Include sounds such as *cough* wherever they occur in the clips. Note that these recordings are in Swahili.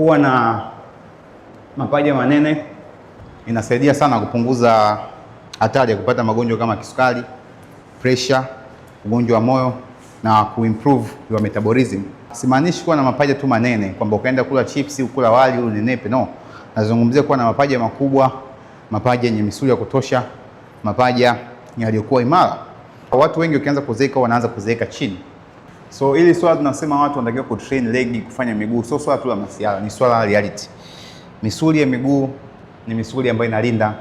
kuwa na mapaja manene inasaidia sana kupunguza hatari ya kupata magonjwa kama kisukari, pressure, ugonjwa wa moyo na kuimprove your metabolism. Simaanishi kuwa na mapaja tu manene kwamba ukaenda kula chips, ukula wali unenepe, no. Nazungumzia kuwa na mapaja makubwa, mapaja yenye misuli ya kutosha, mapaja yaliyokuwa imara. Watu wengi wakianza kuzeeka wanaanza kuzeeka chini. So ili swala tunasema watu wanatakiwa ku train leg kufanya miguu, sio swala tu la masiala, ni swala la reality. Misuli ya miguu ni misuli ambayo inalinda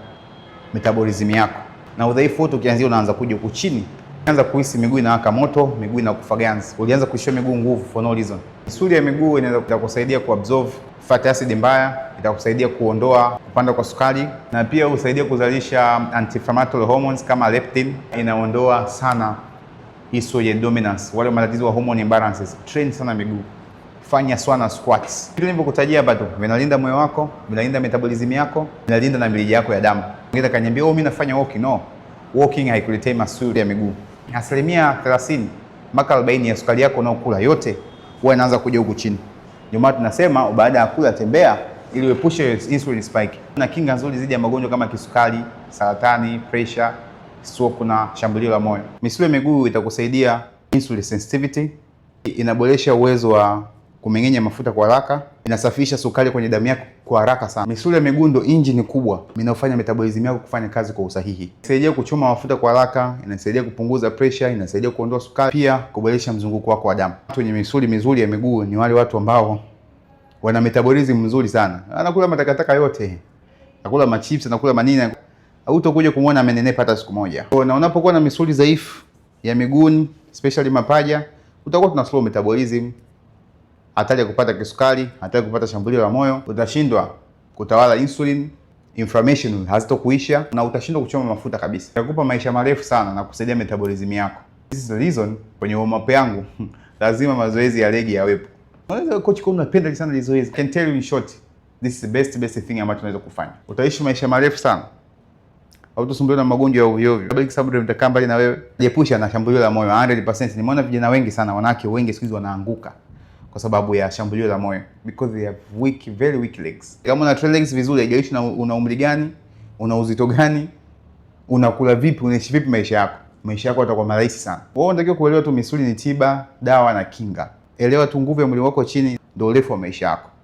metabolism yako, na udhaifu wote ukianzia unaanza kuja huku chini, unaanza kuhisi miguu inawaka moto, miguu inakufa ganzi, ulianza kuishia miguu nguvu for no reason. Misuli ya miguu inaweza kukusaidia ku absorb fat acid mbaya, itakusaidia kuondoa kupanda kwa sukari, na pia usaidia kuzalisha anti-inflammatory hormones kama leptin, inaondoa sana hisoya dominance, wale matatizo wa hormone imbalances, train sana miguu, fanya sana squats. Vitu nilivyokutajia hapa tu vinalinda moyo wako, vinalinda metabolism yako, vinalinda na mirija yako ya damu. Ungeza akaniambia, oh, mimi nafanya walking. No, walking haikuletei masuri ya miguu. Asilimia 30 mpaka 40 ya sukari yako unaokula yote huwa inaanza kuja huku chini. Ndio maana tunasema baada ya kula tembea, ili uepushe insulin spike na kinga nzuri dhidi ya magonjwa kama kisukari, saratani, pressure sio kuna shambulio la moyo. Misuli ya miguu itakusaidia insulin sensitivity, inaboresha uwezo wa kumeng'enya mafuta kwa haraka, inasafisha sukari kwenye damu yako kwa haraka sana. Misuli ya miguu ndio injini kubwa inayofanya metabolism yako kufanya kazi kwa usahihi. Inasaidia kuchoma mafuta kwa haraka, inasaidia kupunguza pressure, inasaidia kuondoa sukari, pia kuboresha mzunguko wako wa damu. Watu wenye misuli mizuri ya miguu ni wale watu ambao wana metabolism mzuri sana, anakula matakataka yote, anakula machips, anakula manini hautokuja kumwona amenenepa hata siku moja. Na unapokuwa na misuli dhaifu ya miguuni, especially mapaja, utakuwa tuna slow metabolism, hatari ya kupata kisukari, hatari ya kupata shambulio la moyo, utashindwa kutawala insulin, inflammation hazitokuisha na utashindwa kuchoma mafuta kabisa. Itakupa maisha marefu sana na kusaidia metabolism yako. This is the reason kwenye warm up yangu *laughs* lazima mazoezi ya legi yawepo. Unaweza coach, kwa unapenda sana mazoezi. Can tell you in short, this is the best best thing ambayo tunaweza kufanya. Utaishi maisha marefu sana hautasumbuliwa na magonjwa ya uvyovyo. ovyo, kwa sababu mtakaa mbali na wewe. Jiepusha na shambulio la moyo 100%. Nimeona vijana wengi sana, wanawake wengi siku hizi wanaanguka kwa sababu ya shambulio la moyo because they have weak, very weak legs. Kama una trail legs vizuri, haijalishi una umri gani, una uzito gani, unakula vipi, unaishi vipi maisha yako, maisha yako yatakuwa marahisi sana. Wewe unatakiwa kuelewa tu misuli ni tiba, dawa na kinga. Elewa tu nguvu ya mwili wako chini ndio urefu wa maisha yako.